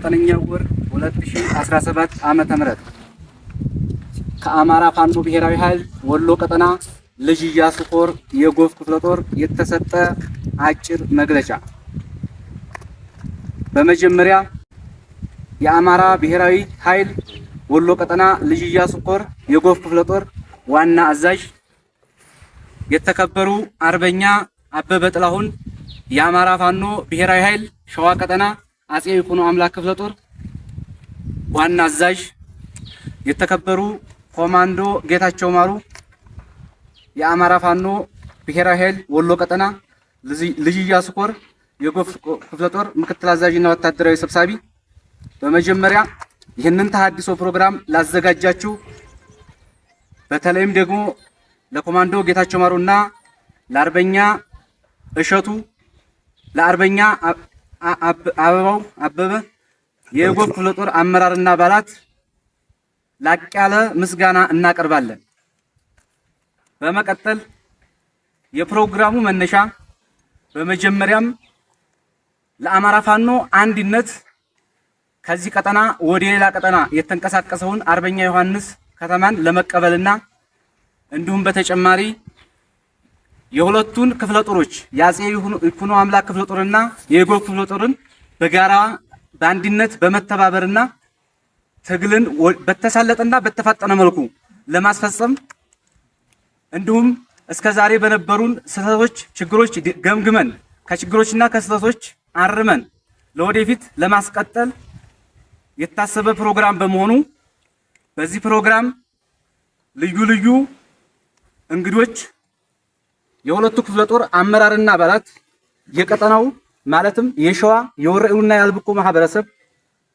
ዘጠነኛ ወር 2017 ዓመተ ምህረት ከአማራ ፋኖ ብሔራዊ ኃይል ወሎ ቀጠና ልጅ ኢያሱ ኮር የጎፍ ክፍለ ጦር የተሰጠ አጭር መግለጫ። በመጀመሪያ የአማራ ብሔራዊ ኃይል ወሎ ቀጠና ልጅ ኢያሱ ኮር የጎፍ ክፍለ ጦር ዋና አዛዥ የተከበሩ አርበኛ አበበ ጥላሁን የአማራ ፋኖ ብሔራዊ ኃይል ሸዋ ቀጠና አጼ ይኩኖ አምላክ ክፍለ ጦር ዋና አዛዥ የተከበሩ ኮማንዶ ጌታቸው ማሩ፣ የአማራ ፋኖ ብሔራዊ ኃይል ወሎ ቀጠና ልጅ ኢያሱ ኮር የጎፍ ክፍለ ጦር ምክትል አዛዥና ወታደራዊ ሰብሳቢ፣ በመጀመሪያ ይህንን ተሃድሶ ፕሮግራም ላዘጋጃችሁ፣ በተለይም ደግሞ ለኮማንዶ ጌታቸው ማሩና ለአርበኛ እሸቱ ለአርበኛ አበባው አበበ የጎብ ክፍለ ጦር አመራርና አባላት ላቅ ያለ ምስጋና እናቀርባለን። በመቀጠል የፕሮግራሙ መነሻ በመጀመሪያም ለአማራ ፋኖ አንድነት ከዚህ ቀጠና ወደ ሌላ ቀጠና የተንቀሳቀሰውን አርበኛ ዮሐንስ ከተማን ለመቀበልና እንዲሁም በተጨማሪ የሁለቱን ክፍለ ጦሮች የአጼ ይኩኖ አምላክ ክፍለ ጦርና የጎ ክፍለ ጦርን በጋራ በአንድነት በመተባበርና ትግልን በተሳለጠና በተፋጠነ መልኩ ለማስፈጸም እንዲሁም እስከ ዛሬ በነበሩን ስህተቶች፣ ችግሮች ገምግመን ከችግሮችና ከስህተቶች አርመን ለወደፊት ለማስቀጠል የታሰበ ፕሮግራም በመሆኑ በዚህ ፕሮግራም ልዩ ልዩ እንግዶች የሁለቱ ክፍለ ጦር አመራርና አባላት የቀጠናው ማለትም የሸዋ የወረኢሉና የአልብቆ ማህበረሰብ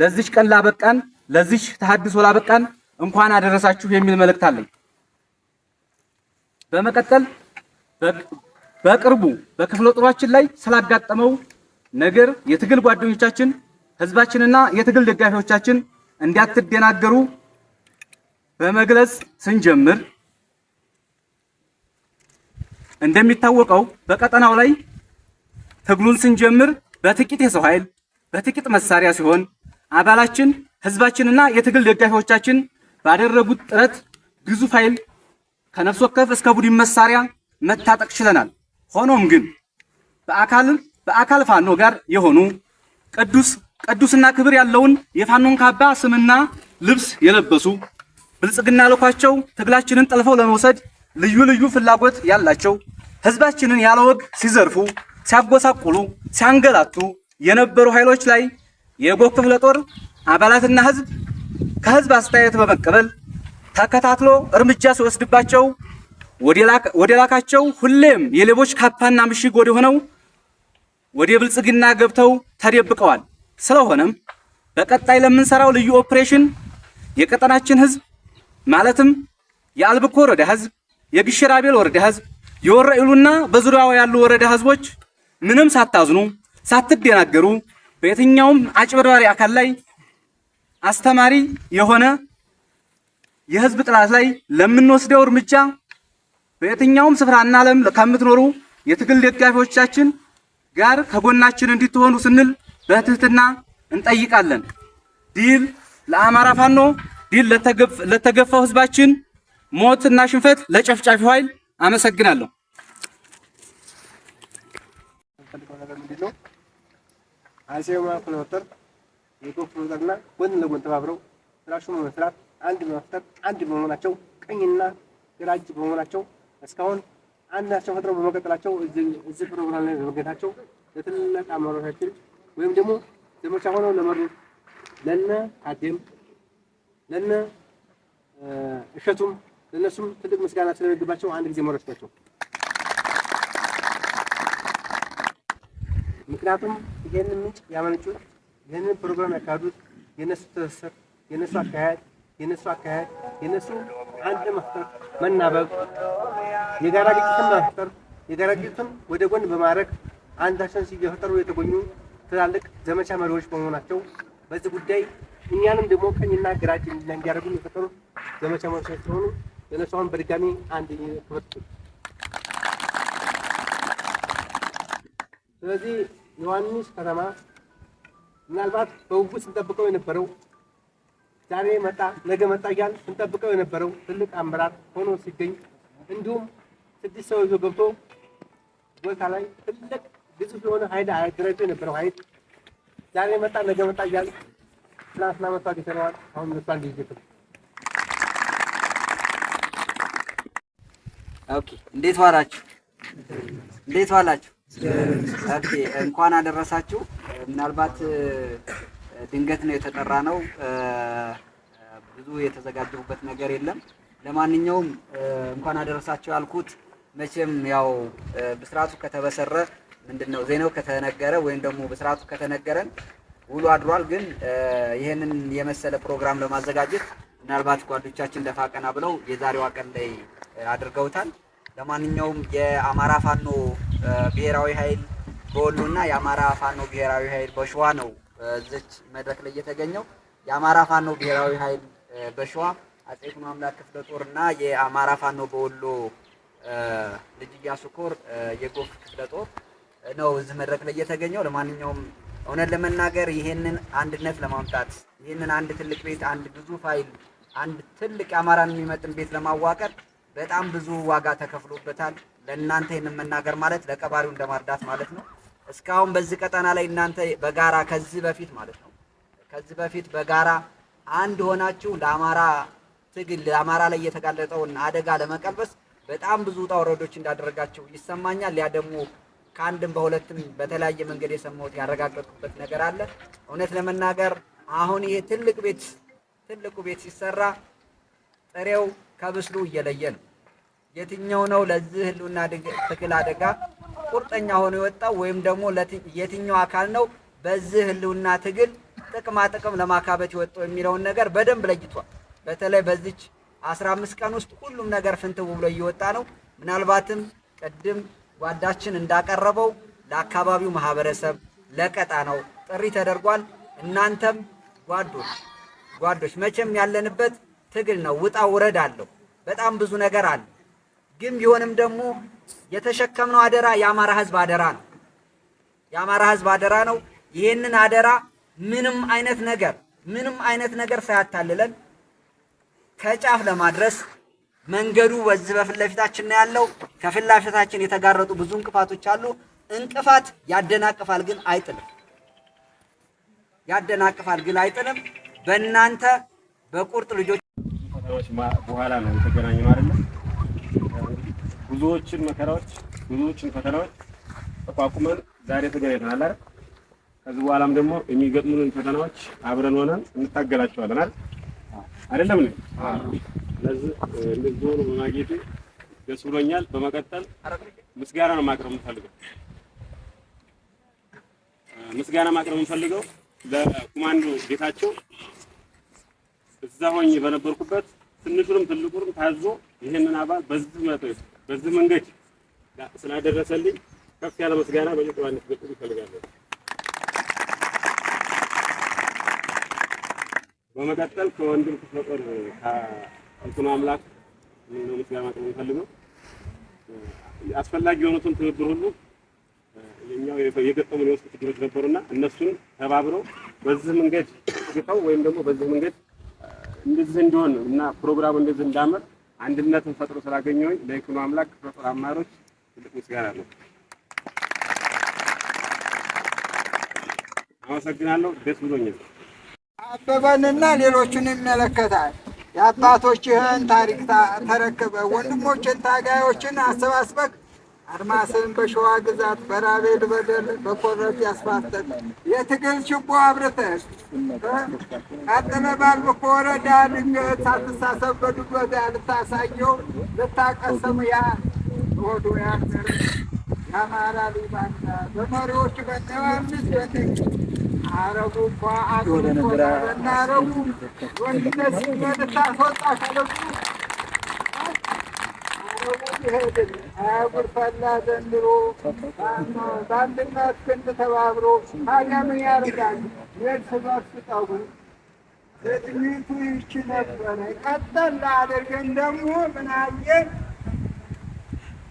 ለዚች ቀን ላበቃን ለዚች ተሐድሶ ላበቃን እንኳን አደረሳችሁ የሚል መልእክት አለኝ። በመቀጠል በቅርቡ በክፍለ ጦራችን ላይ ስላጋጠመው ነገር የትግል ጓደኞቻችን ህዝባችንና የትግል ደጋፊዎቻችን እንዳትደናገሩ በመግለጽ ስንጀምር እንደሚታወቀው በቀጠናው ላይ ትግሉን ስንጀምር በጥቂት የሰው ኃይል በጥቂት መሳሪያ ሲሆን አባላችን ህዝባችንና የትግል ደጋፊዎቻችን ባደረጉት ጥረት ግዙፍ ኃይል ከነፍስ ወከፍ እስከ ቡድን መሳሪያ መታጠቅ ችለናል። ሆኖም ግን በአካል በአካል ፋኖ ጋር የሆኑ ቅዱስ ቅዱስና ክብር ያለውን የፋኖን ካባ ስምና ልብስ የለበሱ ብልጽግና ልኳቸው ትግላችንን ጠልፈው ለመውሰድ ልዩ ልዩ ፍላጎት ያላቸው ህዝባችንን ያለ ወግ ሲዘርፉ፣ ሲያጎሳቁሉ፣ ሲያንገላቱ የነበሩ ኃይሎች ላይ የጎግ ክፍለ ጦር አባላትና ህዝብ ከህዝብ አስተያየት በመቀበል ተከታትሎ እርምጃ ሲወስድባቸው ወደ ላካቸው ሁሌም የሌቦች ካፓና ምሽግ ወደ ሆነው ወደ ብልጽግና ገብተው ተደብቀዋል። ስለሆነም በቀጣይ ለምንሰራው ልዩ ኦፕሬሽን የቀጠናችን ህዝብ ማለትም የአልብኮ ወረዳ ህዝብ፣ የግሽራቤል ወረዳ ህዝብ የወረኢሉና በዙሪያው ያሉ ወረዳ ህዝቦች ምንም ሳታዝኑ ሳትደናገሩ በየትኛውም አጭበርባሪ አካል ላይ አስተማሪ የሆነ የህዝብ ጥላት ላይ ለምንወስደው እርምጃ በየትኛውም ስፍራና ዓለም ከምትኖሩ የትግል ደጋፊዎቻችን ጋር ከጎናችን እንድትሆኑ ስንል በትህትና እንጠይቃለን። ድል ለአማራ ፋኖ፣ ድል ለተገፋው ህዝባችን፣ ሞት እና ሽንፈት ለጨፍጫፊው ኃይል። አመሰግናለሁ። ጎን ለጎን ተባብረው ስራሹን በመስራት አንድ በመፍጠር አንድ በመሆናቸው ቀኝና ግራ እጅ በመሆናቸው እስካሁን አንዳቸው ፈጥረው በመቀጠላቸው እዚህ ፕሮግራም ላይ በመገኘታቸው ለትልቅ አመራሮቻችን ወይም ደግሞ ዘመቻ ሆነው ለመሩት ለነ አዴም ለነ እሸቱም ለእነሱም ትልቅ ምስጋና ስለነግባቸው አንድ ጊዜ መሮች ምክንያቱም ይህንን ምንጭ ያመነጩት ይህንን ፕሮግራም ያካሄዱት የእነሱ ትስስር፣ የእነሱ አካሄድ፣ የእነሱ አካሄድ፣ የእነሱ አንድ መፍጠር፣ መናበብ፣ የጋራ ግጭትን መፍጠር፣ የጋራ ግጭትን ወደ ጎን በማድረግ አንዳቸውን እየፈጠሩ የተገኙ ትላልቅ ዘመቻ መሪዎች በመሆናቸው በዚህ ጉዳይ እኛንም ደግሞ ቀኝና ግራጭ እንዲያደርጉ የፈጠሩት ዘመቻ መሪዎች ስለሆኑ የነሳውን በድጋሚ አንድ ክፍት ስለዚህ ዮሐንስ ከተማ ምናልባት በጉጉት ስንጠብቀው የነበረው ዛሬ መጣ ነገ መጣ እያልን ስንጠብቀው የነበረው ትልቅ አመራር ሆኖ ሲገኝ እንዲሁም ስድስት ሰው ይዞ ገብቶ ቦታ ላይ ትልቅ ግዙፍ የሆነ ኃይል አደራጅቶ የነበረው ኃይል ዛሬ መጣ ነገ መጣ እያልን ትናንትና መቷ ጌተነዋል አሁን መቷ እንዲይዘትም ኦኬ፣ እንዴት ዋላችሁ? እንዴት ዋላችሁ? ኦኬ፣ እንኳን አደረሳችሁ። ምናልባት ድንገት ነው የተጠራ ነው፣ ብዙ የተዘጋጀሁበት ነገር የለም። ለማንኛውም እንኳን አደረሳችሁ ያልኩት መቼም ያው ብስራቱ ከተበሰረ ምንድን ነው ዜናው ከተነገረ ወይም ደግሞ ብስራቱ ከተነገረን ውሎ አድሯል። ግን ይህንን የመሰለ ፕሮግራም ለማዘጋጀት ምናልባት ጓዶቻችን ደፋ ቀና ብለው የዛሬዋ ቀን ላይ አድርገውታል። ለማንኛውም የአማራ ፋኖ ብሔራዊ ኃይል በወሎ እና የአማራ ፋኖ ብሔራዊ ኃይል በሸዋ ነው እዚች መድረክ ላይ እየተገኘው የአማራ ፋኖ ብሔራዊ ኃይል በሸዋ አጼ ይኩኖ አምላክ ክፍለ ጦር እና የአማራ ፋኖ በወሎ ልጅ ኢያሱ ኮር የጎፍ ክፍለ ጦር ነው እዚህ መድረክ ላይ የተገኘው። ለማንኛውም እውነት ለመናገር ይሄንን አንድነት ለማምጣት ይህንን አንድ ትልቅ ቤት አንድ ግዙፍ ኃይል አንድ ትልቅ አማራን የሚመጥን ቤት ለማዋቀር በጣም ብዙ ዋጋ ተከፍሎበታል። ለእናንተ ይህንን መናገር ማለት ለቀባሪው እንደማርዳት ማለት ነው። እስካሁን በዚህ ቀጠና ላይ እናንተ በጋራ ከዚህ በፊት ማለት ነው ከዚህ በፊት በጋራ አንድ ሆናችሁ ለአማራ ትግል ለአማራ ላይ የተጋለጠውን አደጋ ለመቀልበስ በጣም ብዙ ውጣ ውረዶች እንዳደረጋችሁ ይሰማኛል። ያ ደግሞ ከአንድም በሁለትም በተለያየ መንገድ የሰማሁት ያረጋገጥኩበት ነገር አለ። እውነት ለመናገር አሁን ይሄ ትልቅ ቤት ትልቁ ቤት ሲሰራ ጥሬው ከብስሉ እየለየ ነው። የትኛው ነው ለዚህ ህልውና ትግል አደጋ ቁርጠኛ ሆኖ የወጣው ወይም ደግሞ የትኛው አካል ነው በዚህ ህልውና ትግል ጥቅማ ጥቅም ለማካበት የወጣው የሚለውን ነገር በደንብ ለይቷል። በተለይ በዚች አስራ አምስት ቀን ውስጥ ሁሉም ነገር ፍንትው ብሎ እየወጣ ነው። ምናልባትም ቅድም ጓዳችን እንዳቀረበው ለአካባቢው ማህበረሰብ ነው ጥሪ ተደርጓል። እናንተም ጓዶች ጓዶች መቼም ያለንበት ትግል ነው። ውጣ ውረድ አለው። በጣም ብዙ ነገር አለ። ግን ቢሆንም ደግሞ የተሸከምነው አደራ የአማራ ህዝብ አደራ ነው። የአማራ ህዝብ አደራ ነው። ይህንን አደራ ምንም አይነት ነገር ምንም አይነት ነገር ሳያታልለን ከጫፍ ለማድረስ መንገዱ በዚህ በፊት ለፊታችን ነው ያለው። ከፊት ለፊታችን የተጋረጡ ብዙ እንቅፋቶች አሉ። እንቅፋት ያደናቅፋል ግን አይጥልም። ያደናቅፋል ግን አይጥልም። በእናንተ በቁርጥ ልጆች በኋላ ነው የተገናኘነው አይደለ? ብዙዎችን መከራዎች፣ ብዙዎችን ፈተናዎች ተቋቁመን ዛሬ ተገናኝተናል አይደል? ከዚህ በኋላም ደግሞ የሚገጥሙንን ፈተናዎች አብረን ሆነን እንታገላቸዋለን አይደል? አይደለም ነው። ስለዚህ እንደዚህ በማግኘቴ ደስ ብሎኛል። በመቀጠል ምስጋና ነው ማቅረብ የምፈልገው ምስጋና ማቅረብ የምፈልገው ለኮማንዶ ጌታቸው እዛ ሆኜ በነበርኩበት ትንሹንም ትልቁንም ታዞ ይህንን አባል በዚህ መጥቶ በዚህ መንገድ ስላደረሰልኝ ከፍ ያለ ምስጋና በየቅባነት ገጥም ይፈልጋለሁ። በመቀጠል ከወንድም ክፍለጦር ከእንትኑ አምላክ ነው ምስጋና ማቅረብ የሚፈልገው አስፈላጊ የሆኑትን ትብብር ሁሉ የኛው የገጠሙን የውስጥ ችግሮች ነበሩና እነሱን ተባብረው በዚህ መንገድ ግጠው ወይም ደግሞ በዚህ መንገድ እንደዚህ እንደሆን እና ፕሮግራሙ እንደዚህ እንዳመር አንድነትን ፈጥሮ ስላገኘሁኝ ለይኩኖ አምላክ ክፍለጦር አማሮች ትልቅ ምስጋና ነው። አመሰግናለሁ። ደስ ብሎኛል። አበበንና ሌሎቹን ይመለከታል። የአባቶችህን ታሪክ ተረክበህ ወንድሞችን ታጋዮችን አሰባስበክ አድማስን በሸዋ ግዛት በራቤድ በደል በኮረት ያስፋፍተን የትግል ችቦ አብርተን ቀጥለ ባል ወረዳ ድንገት ሳትሳሰብ በድጎት ልታሳየው ልታቀሰም ያ ወዶ ያገር የአማራ ሊባንዳ በመሪዎች በነዋንስ በትግ አረቡ እንኳ አቶ ናረቡ ወንድነት ሲመልታ ሶጣ ከለቡ ይሄድን አያጉርፈላ ዘንድሮ በአንድነት ክንድ ተባብሮ ታዲያ ምን ያደርጋል? የእርስ በርስ ጠቡ ትዕይንቱ ይቺ ነበረ። ቀጠል አድርገን ደግሞ ምን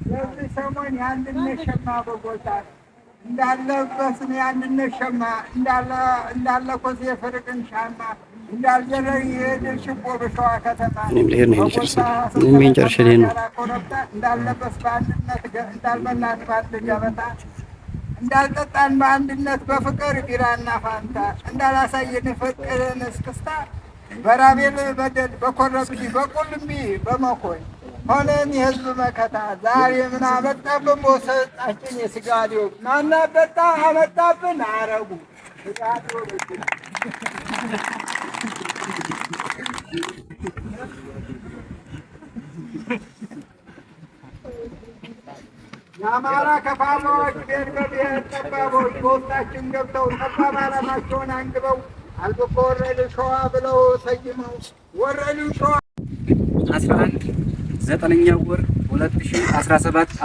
በዚህ ሰሞን የአንድነት ሸማ በቦታ እንዳለበስን የአንድነት ሸማ እንዳለ ኮሴ ፍርቅን ሻማ እኔም ልሄድ ነው። ጨርሰ እኔም ጨርሼ ልሄድ ነው። እንዳልጠጣን በአንድነት በፍቅር ቢራና ፋንታ እንዳላሳየን ፍቅርን እስክስታ በራቤል በደል በኮረብሽ በቁልሚ በመኮይ ሆነን የህዝብ መከታ ዛሬ ምን አመጣብን ቦሰጣችን የስጋ ሊሆን ማናበጣ አመጣብን አረጉ ስጋ የአማራ ከፋኖዎች ብሔር በብሔር ጠባቦች በውስጣችን ገብተው ጠባብ ዓላማቸውን አንግበው አልብቆ ወረድን ሸዋ ብለው ሰይመው ወረድን ሸዋ አስራ አንድ ዘጠነኛው ወር ሁለት አስራ ሰባት